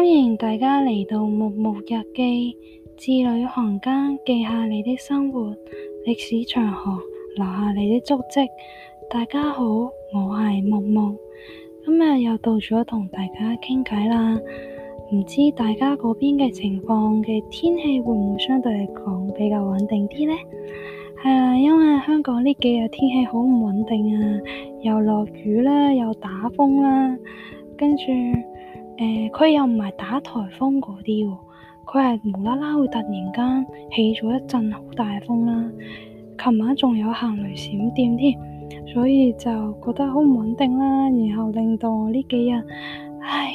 歡迎大家嚟到木木日記，字裏行間，記下你的生活，歷史長河，留下你的足跡。大家好，我係木木，今日又到咗同大家傾偈啦。唔知大家嗰邊嘅情況嘅天氣會唔會相對嚟講比較穩定啲呢？係啦，因為香港呢幾日天氣好唔穩定啊，又落雨啦，又打風啦，跟住。誒佢、呃、又唔係打颱風嗰啲喎，佢係無啦啦會突然間起咗一陣好大風啦，琴晚仲有行雷閃電添，所以就覺得好唔穩定啦。然後令到我呢幾日，唉，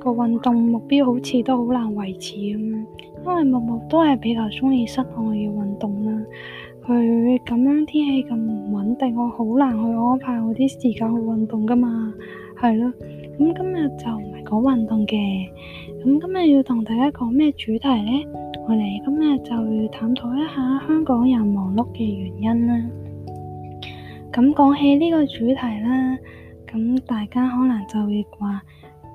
個運動目標好似都好難維持咁樣，因為木木都係比較中意室外嘅運動啦。佢咁樣天氣咁唔穩定，我好難去安排我啲時間去運動噶嘛，係咯。咁、嗯、今日就唔係講運動嘅，咁、嗯、今日要同大家講咩主題呢？我哋今日就要探討一下香港人忙碌嘅原因啦。咁、嗯、講起呢個主題啦，咁、嗯、大家可能就會話：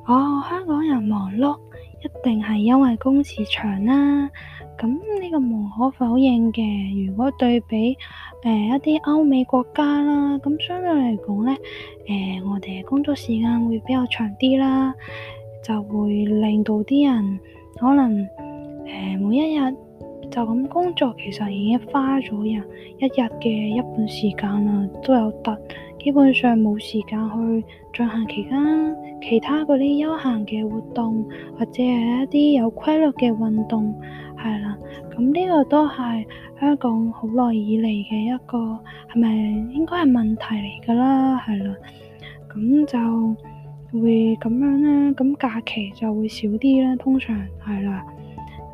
哦，香港人忙碌。一定係因為工時長啦，咁呢個無可否認嘅。如果對比誒、呃、一啲歐美國家啦，咁相對嚟講呢，誒、呃、我哋工作時間會比較長啲啦，就會令到啲人可能誒、呃、每一日就咁工作，其實已經花咗人一日嘅一半時間啦，都有得。基本上冇時間去進行其他其他嗰啲休閒嘅活動，或者係一啲有規律嘅運動，係啦。咁呢個都係香港好耐以嚟嘅一個係咪應該係問題嚟㗎啦，係啦。咁就會咁樣啦，咁假期就會少啲啦，通常係啦。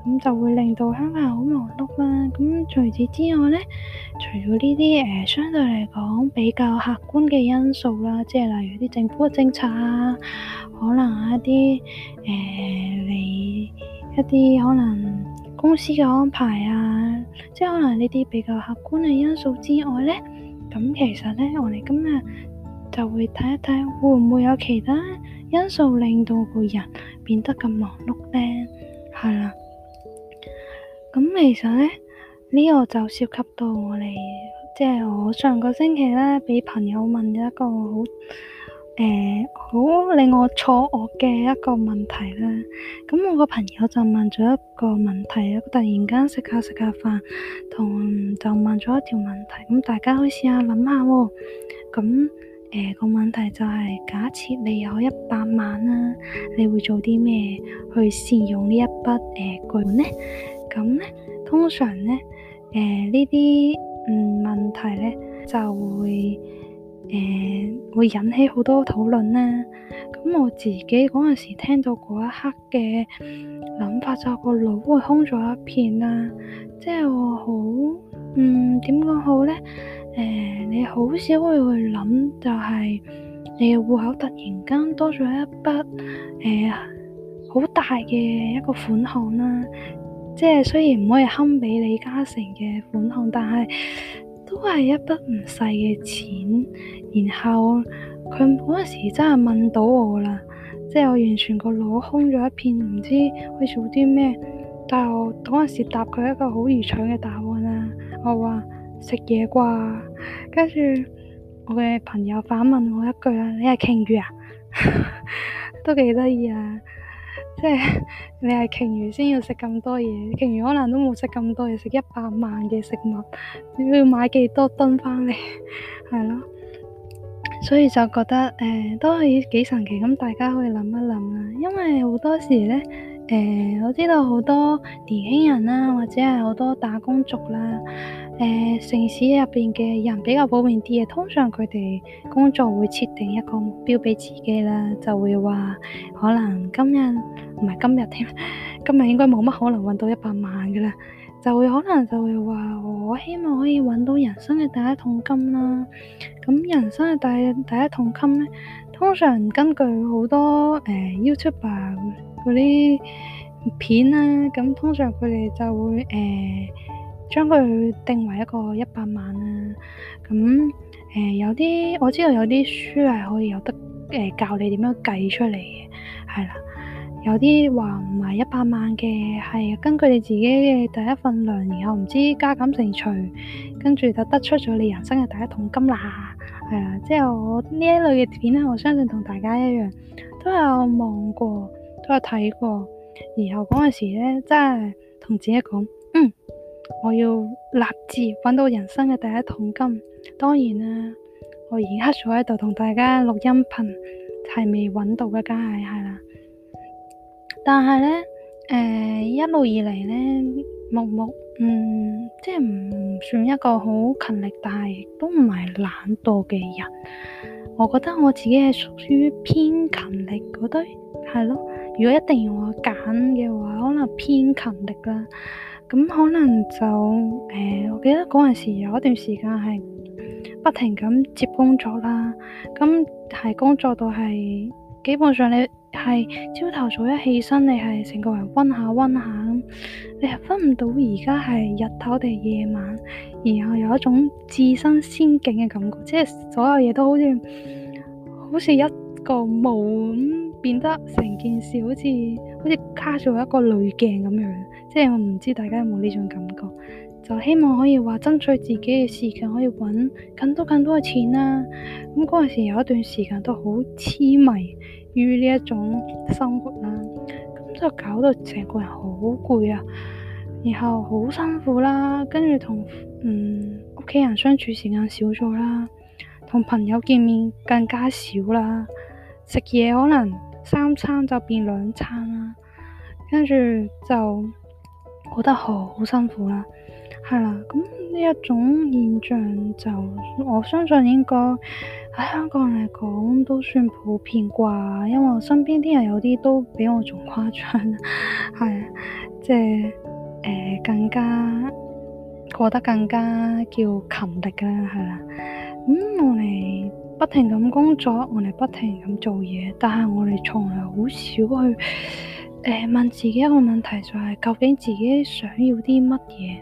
咁就會令到香港好忙碌啦。咁除此之外呢。除咗呢啲誒，相對嚟講比較客觀嘅因素啦，即係例如啲政府嘅政策啊，可能一啲誒、呃、你一啲可能公司嘅安排啊，即係可能呢啲比較客觀嘅因素之外咧，咁其實咧，我哋今日就會睇一睇，會唔會有其他因素令到個人變得咁忙碌咧？係啦，咁其實咧。呢個就涉及到我哋，即係我上個星期咧，俾朋友問咗一個好，誒，好令我錯愕嘅一個問題啦。咁我個朋友就問咗一個問題，突然間食下食下飯，同就問咗一條問題。咁大家可以試下諗下喎。咁誒個問題就係假設你有一百萬啦，你會做啲咩去善用呢一筆誒巨款呢？咁咧，通常咧。誒，呢啲、呃、嗯問題呢就會誒、呃、會引起好多討論啦。咁、嗯、我自己嗰陣時聽到嗰一刻嘅諗法就個腦會空咗一片啦、啊，即、就、係、是、我好嗯點講好呢？誒、呃，你好少會去諗就係你嘅戶口突然間多咗一筆誒好大嘅一個款項啦、啊。即係雖然唔可以堪比李嘉誠嘅款項，但係都係一筆唔細嘅錢。然後佢嗰陣時真係問到我啦，即係我完全個腦空咗一片，唔知去做啲咩。但係我嗰陣時答佢一個好愚蠢嘅答案啦，我話食嘢啩。跟住我嘅朋友反問我一句啦：你係鯨魚啊？ 都幾得意啊！即係你係鯨魚先要食咁多嘢，鯨魚可能都冇食咁多嘢，食一百萬嘅食物，你要買幾多噸翻嚟，係 咯，所以就覺得誒、呃，都係幾神奇，咁大家可以諗一諗啦，因為好多時呢，誒、呃，我知道好多年輕人啦、啊，或者係好多打工族啦、啊。誒、呃、城市入邊嘅人比較普遍啲嘅，通常佢哋工作會設定一個目標俾自己啦，就會話可能今日唔係今日添，今日應該冇乜可能揾到一百萬噶啦，就會可能就會話我希望可以揾到人生嘅第一桶金啦。咁人生嘅第第一桶金呢，通常根據好多誒、呃、YouTuber 嗰啲片啦、啊，咁通常佢哋就會誒。呃將佢定為一個一百萬啦、啊。咁、嗯、誒、呃，有啲我知道有啲書係可以有得誒、呃、教你點樣計出嚟嘅，係啦。有啲話唔係一百萬嘅，係根據你自己嘅第一份糧，然後唔知加減乘除，跟住就得出咗你人生嘅第一桶金啦。係啊，即係我呢一類嘅片咧，我相信同大家一樣都有望過，都有睇過，然後嗰陣時咧，真係同自己講嗯。我要立志揾到人生嘅第一桶金。當然啦，我而家坐喺度同大家錄音頻係未揾到嘅，梗係係啦。但係呢，誒、呃、一路以嚟呢，木木，嗯，即係唔算一個好勤力，但係都唔係懶惰嘅人。我覺得我自己係屬於偏勤力嗰堆，覺得係咯。如果一定要我揀嘅話，可能偏勤力啦。咁可能就誒、呃、我記得嗰陣時有一段時間係不停咁接工作啦。咁係工作到係基本上你係朝頭早一起身，你係成個人暈下暈下，你係分唔到而家係日頭定係夜晚，然後有一種置身仙境嘅感覺，即係所有嘢都好似好似一個霧咁，變得成件事好似好似卡住一個濾鏡咁樣。即係我唔知大家有冇呢種感覺，就希望可以話爭取自己嘅時間，可以揾更多更多嘅錢啦。咁嗰陣時有一段時間都好痴迷於呢一種生活啦，咁就搞到成個人好攰啊，然後好辛苦啦，跟住同嗯屋企人相處時間少咗啦，同朋友見面更加少啦，食嘢可能三餐就變兩餐啦，跟住就。過得好辛苦啦，係啦，咁呢一種現象，就我相信應該喺香港嚟講都算普遍啩，因為我身邊啲人有啲都比我仲誇張，係，即係誒、呃、更加過得更加叫勤力嘅啦，係啦，咁、嗯、我哋不停咁工作，我哋不停咁做嘢，但係我哋從來好少去。誒，問自己一個問題、就是，就係究竟自己想要啲乜嘢？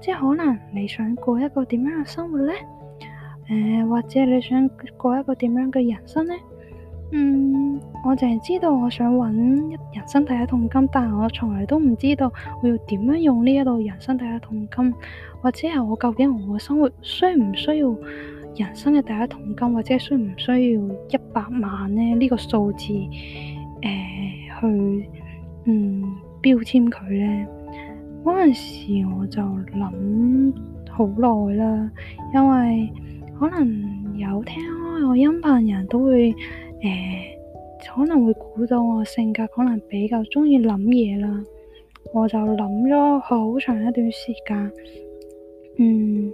即係可能你想過一個點樣嘅生活呢、呃？或者你想過一個點樣嘅人生呢？嗯、我淨係知道我想揾人生第一桶金，但係我從來都唔知道我要點樣用呢一個人生第一桶金，或者係我究竟我嘅生活需唔需要人生嘅第一桶金，或者需唔需要一百萬呢？呢、呢個數字、呃、去。嗯，標籤佢呢，嗰陣時我就諗好耐啦，因為可能有聽開我音頻人都會誒、欸，可能會估到，我性格可能比較中意諗嘢啦，我就諗咗好長一段時間，嗯，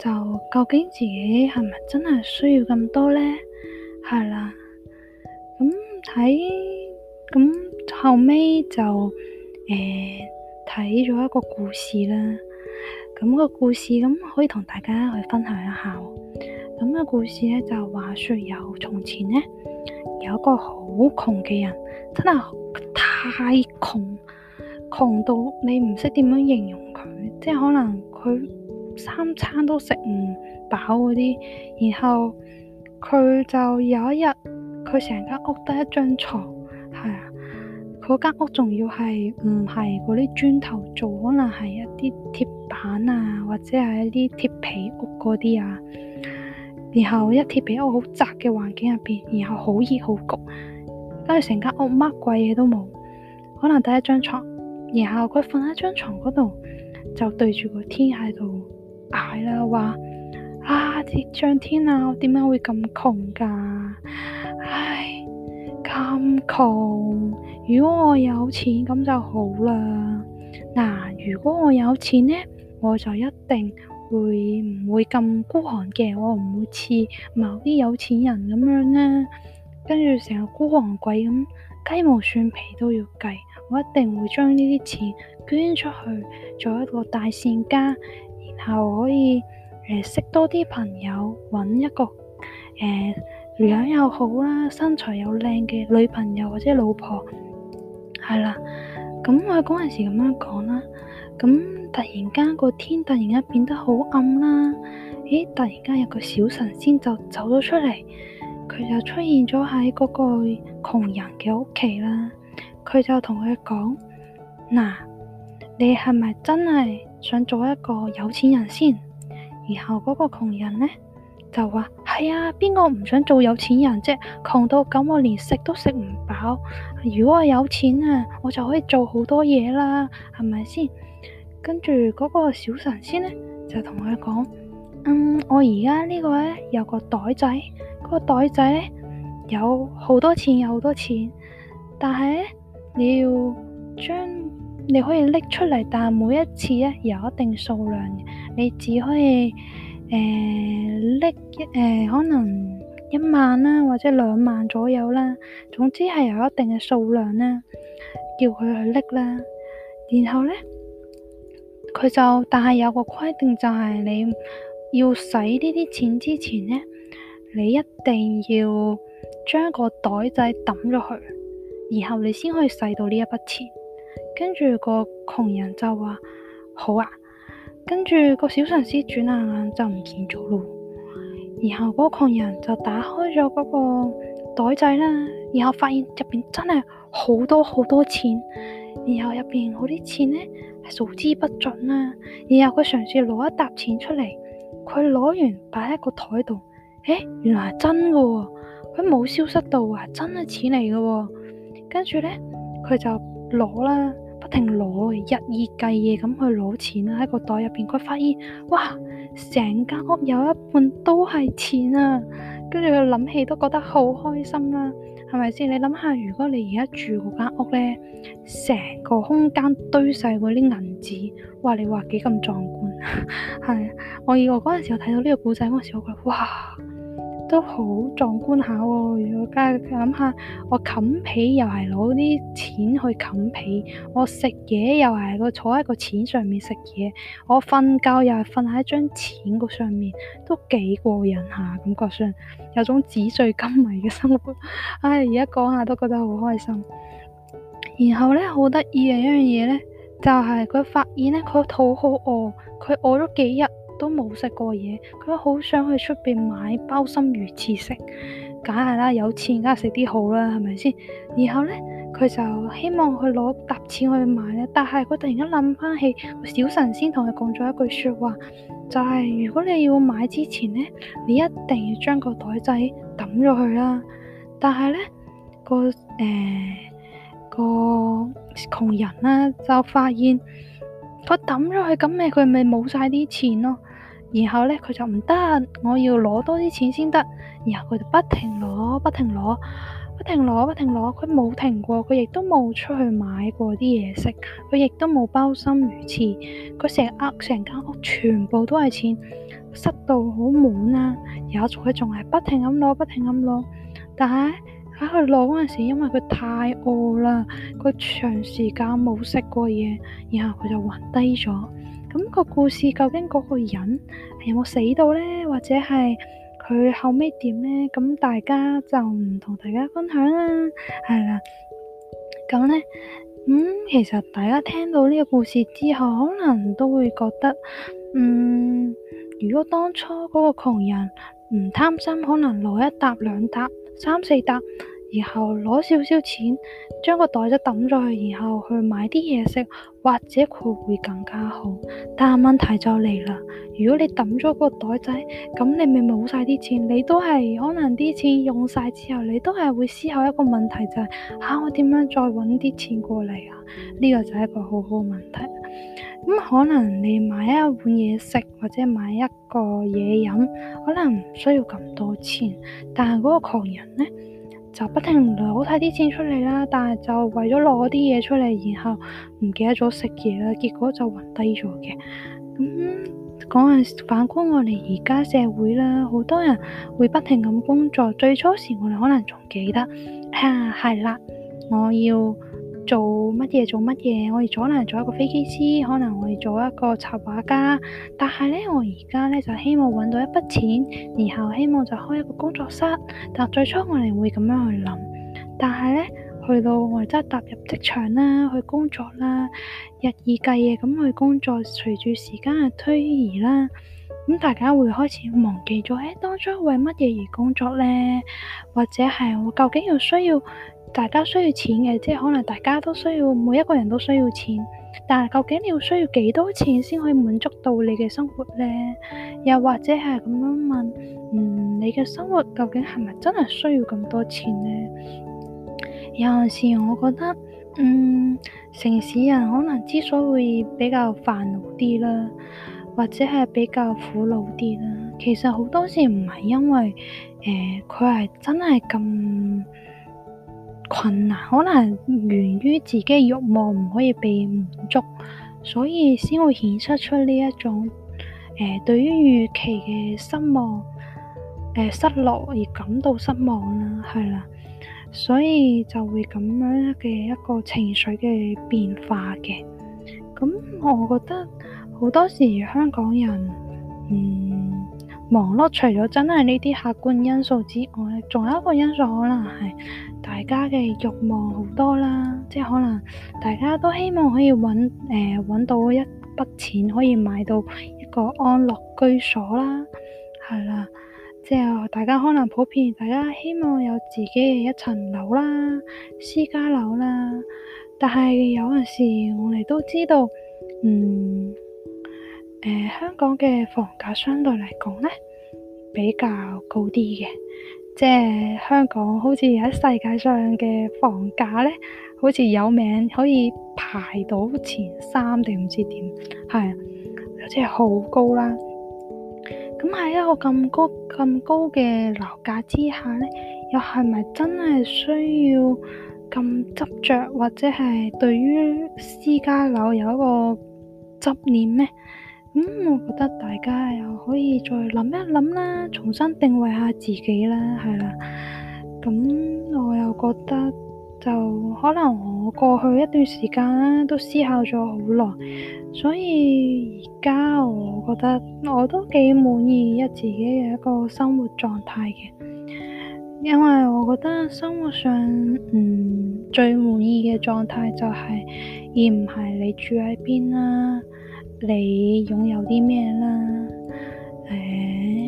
就究竟自己係咪真係需要咁多呢？係啦，咁睇咁。後尾就誒睇咗一個故事啦，咁個故事咁可以同大家去分享一下。咁個故事咧就話說有從前咧有一個好窮嘅人，真係太窮，窮到你唔識點樣形容佢，即係可能佢三餐都食唔飽嗰啲，然後佢就有一日，佢成間屋得一張床。嗰間屋仲要係唔係嗰啲磚頭做，可能係一啲鐵板啊，或者係一啲鐵皮屋嗰啲啊。然後一鐵皮屋好窄嘅環境入邊，然後好熱好焗，跟住成間屋乜鬼嘢都冇，可能得一張床，然後佢瞓喺張床嗰度，就對住個天喺度嗌啦，話：啊，天將天啊，我點解會咁窮㗎？唉！咁窮，如果我有錢咁就好啦。嗱、啊，如果我有錢呢，我就一定會唔會咁孤寒嘅。我唔會似某啲有錢人咁樣呢。跟住成個孤寒鬼咁，雞毛蒜皮都要計。我一定會將呢啲錢捐出去，做一個大善家，然後可以誒、呃、識多啲朋友，搵一個、呃樣又好啦，身材又靚嘅女朋友或者老婆，係啦。咁我嗰陣時咁樣講啦。咁突然間個天突然間變得好暗啦。咦，突然間有個小神仙就走咗出嚟，佢就出現咗喺嗰個窮人嘅屋企啦。佢就同佢講：嗱，你係咪真係想做一個有錢人先？然後嗰個窮人呢，就話。係啊，邊個唔想做有錢人啫？窮到咁，我連食都食唔飽。如果我有錢啊，我就可以做好多嘢啦，係咪先？跟住嗰個小神仙呢，就同佢講：嗯，我而家呢個呢，有個袋仔，嗰個袋仔呢，有好多錢，有好多錢。但係呢，你要將你可以拎出嚟，但係每一次呢，有一定數量，你只可以。誒，搦一誒、呃呃，可能一萬啦，或者兩萬左右啦，總之係有一定嘅數量啦，叫佢去搦啦。然後咧，佢就，但係有個規定就係你要使呢啲錢之前咧，你一定要將個袋仔抌咗去，然後你先可以使到呢一筆錢。跟住個窮人就話：好啊！跟住個小神師轉下眼就唔見咗咯，然後嗰個窮人就打開咗嗰個袋仔啦，然後發現入邊真係好多好多錢，然後入邊嗰啲錢呢數之不盡啦、啊，然後佢嘗試攞一沓錢出嚟，佢攞完擺喺個台度，誒，原來係真噶、哦，佢冇消失到啊，真係錢嚟噶、哦，跟住呢，佢就攞啦。不停攞嘅，日以繼夜咁去攞錢啦，喺個袋入邊，佢發現哇，成間屋有一半都係錢啊！跟住佢諗起都覺得好開心啦，啊，係咪先？你諗下，如果你而家住嗰間屋呢，成個空間堆晒嗰啲銀紙，哇！你話幾咁壯觀？係啊， 我以我嗰陣時我睇到呢個故仔嗰陣時，我覺得哇！都好壯觀下喎！如果家下諗下，我冚被又係攞啲錢去冚被，我食嘢又係個坐喺個錢上面食嘢，我瞓覺又係瞓喺一張錢個上面，都幾過癮下，感覺上有種紙醉金迷嘅生活。唉，而家講下都覺得好開心。然後呢，好得意嘅一樣嘢呢，就係佢發現呢，佢肚好餓，佢餓咗幾日。都冇食過嘢，佢都好想去出邊買包心魚翅食，梗係啦，有錢梗係食啲好啦，係咪先？然後呢，佢就希望去攞搭錢去買咧，但係佢突然間諗翻起小神仙同佢講咗一句說話，就係、是、如果你要買之前呢，你一定要將個袋仔抌咗佢啦。但係呢個誒個窮人咧就發現，佢抌咗佢咁咪佢咪冇晒啲錢咯。然後呢，佢就唔得，我要攞多啲錢先得。然後佢就不停攞，不停攞，不停攞，不停攞。佢冇停過，佢亦都冇出去買過啲嘢食，佢亦都冇鮑參魚翅。佢成屋，成間屋全部都係錢，塞到好滿啊！然後佢仲係不停咁攞，不停咁攞。但係喺佢攞嗰陣時，因為佢太餓啦，佢長時間冇食過嘢，然後佢就暈低咗。咁個故事究竟嗰個人係有冇死到呢？或者係佢後尾點呢？咁大家就唔同大家分享啦，係啦。咁呢，咁、嗯、其實大家聽到呢個故事之後，可能都會覺得，嗯，如果當初嗰個窮人唔貪心，可能攞一沓、兩沓、三四沓。然後攞少少錢，將個袋仔抌咗去，然後去買啲嘢食，或者佢會更加好。但係問題就嚟啦，如果你抌咗個袋仔，咁你咪冇晒啲錢。你都係可能啲錢用晒之後，你都係會思考一個問題就係吓，我點樣再揾啲錢過嚟啊？呢個就係一個好好嘅問題。咁可能你買一碗嘢食或者買一個嘢飲，可能唔需要咁多錢，但係嗰個狂人呢，就不停攞晒啲錢出嚟啦，但係就為咗攞啲嘢出嚟，然後唔記得咗食嘢啦，結果就暈低咗嘅。咁嗰陣反觀我哋而家社會啦，好多人會不停咁工作。最初時我哋可能仲記得，啊係啦，我要。做乜嘢做乜嘢？我哋可能做一個飛機師，可能我哋做一個插畫家。但係呢，我而家呢，就希望揾到一筆錢，然後希望就開一個工作室。但最初我哋會咁樣去諗，但係呢，去到我哋真係踏入職場啦，去工作啦，日以繼夜咁去工作，隨住時間嘅推移啦，咁大家會開始忘記咗，誒、哎，當初為乜嘢而工作呢？或者係我究竟要需要？大家需要錢嘅，即係可能大家都需要，每一個人都需要錢。但係究竟你要需要幾多錢先可以滿足到你嘅生活呢？又或者係咁樣問，嗯，你嘅生活究竟係咪真係需要咁多錢呢？有陣時我覺得，嗯，城市人可能之所以會比較煩惱啲啦，或者係比較苦惱啲啦，其實好多時唔係因為，呃，佢係真係咁。困難可能源於自己嘅慾望唔可以被滿足，所以先會顯示出呢一種誒、呃、對於預期嘅失望誒、呃、失落而感到失望啦，係啦，所以就會咁樣嘅一個情緒嘅變化嘅。咁我覺得好多時香港人，嗯。忙碌除咗真係呢啲客觀因素之外，仲有一個因素可能係大家嘅慾望好多啦，即係可能大家都希望可以揾誒揾到一筆錢，可以買到一個安樂居所啦，係啦，即係大家可能普遍，大家希望有自己嘅一層樓啦，私家樓啦，但係有陣時我哋都知道，嗯。誒、呃、香港嘅房價相對嚟講呢，比較高啲嘅，即係香港好似喺世界上嘅房價呢，好似有名可以排到前三定唔知點係，即係好高啦。咁喺一個咁高咁高嘅樓價之下呢，又係咪真係需要咁執着？或者係對於私家樓有一個執念咩？咁、嗯，我覺得大家又可以再諗一諗啦，重新定位下自己啦，係啦。咁、嗯、我又覺得，就可能我過去一段時間咧，都思考咗好耐，所以而家我覺得我都幾滿意一自己嘅一個生活狀態嘅，因為我覺得生活上，嗯，最滿意嘅狀態就係、是，而唔係你住喺邊啦。你擁有啲咩啦？誒、哎，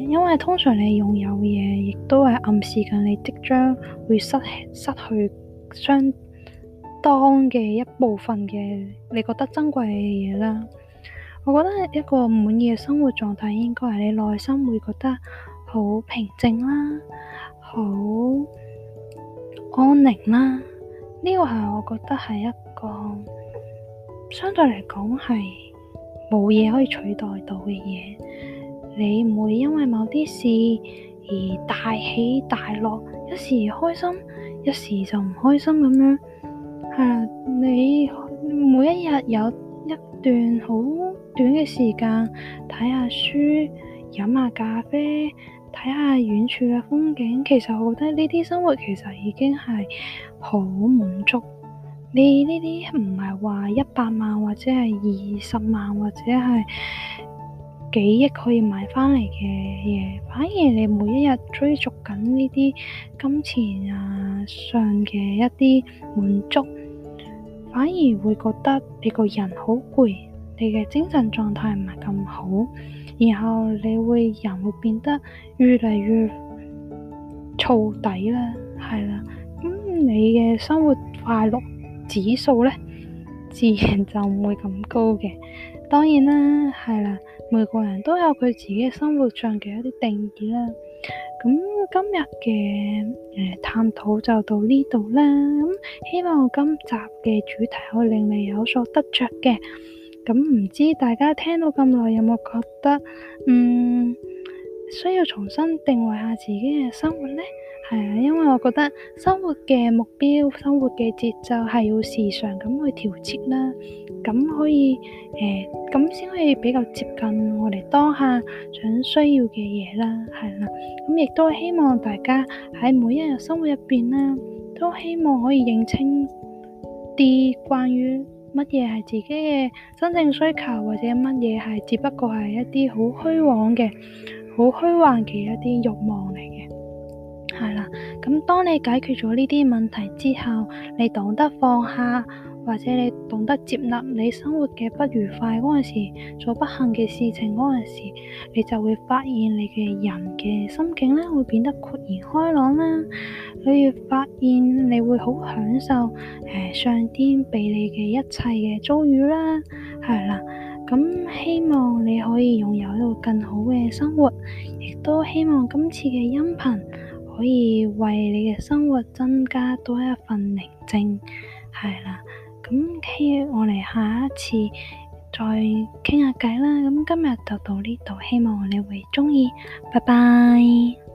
因為通常你擁有嘢，亦都係暗示緊你即將會失，失去相當嘅一部分嘅你覺得珍貴嘅嘢啦。我覺得一個滿意嘅生活狀態，應該係你內心會覺得好平靜啦，好安寧啦。呢、這個係我覺得係一個相對嚟講係冇嘢可以取代到嘅嘢，你唔會因為某啲事而大起大落，一時開心，一時就唔開心咁樣。吓、啊，你每一日有一段好短嘅時間，睇下書，飲下咖啡，睇下遠處嘅風景，其實我覺得呢啲生活其實已經係好滿足。你呢啲唔係話一百萬或者係二十萬或者係幾億可以買翻嚟嘅嘢，反而你每一日追逐緊呢啲金錢啊上嘅一啲滿足，反而會覺得你個人好攰，你嘅精神狀態唔係咁好，然後你會人會變得越嚟越燥底啦，係啦，咁你嘅生活快樂指數呢自然就唔會咁高嘅。當然啦，係啦，每個人都有佢自己嘅生活上嘅一啲定義啦。咁、嗯、今日嘅誒探討就到呢度啦。咁、嗯、希望今集嘅主題可以令你有所得着嘅。咁、嗯、唔知大家聽到咁耐有冇覺得，嗯，需要重新定位下自己嘅生活呢？係啊，因為我覺得生活嘅目標、生活嘅節奏係要時常咁去調節啦，咁可以誒，咁、呃、先可以比較接近我哋當下想需要嘅嘢啦，係啦，咁、嗯、亦都希望大家喺每一日生活入邊啦，都希望可以認清啲關於乜嘢係自己嘅真正需求，或者乜嘢係只不過係一啲好虛妄嘅、好虛幻嘅一啲慾望嚟嘅。係啦，咁當你解決咗呢啲問題之後，你懂得放下，或者你懂得接納你生活嘅不愉快嗰陣時，做不幸嘅事情嗰陣時，你就會發現你嘅人嘅心境咧會變得豁然開朗啦。你越發現你會好享受誒、呃、上天俾你嘅一切嘅遭遇啦，係啦，咁希望你可以擁有一個更好嘅生活，亦都希望今次嘅音頻，可以為你嘅生活增加多一份寧靜，係啦。咁希望我哋下一次再傾下偈啦。咁今日就到呢度，希望你會鍾意。拜拜。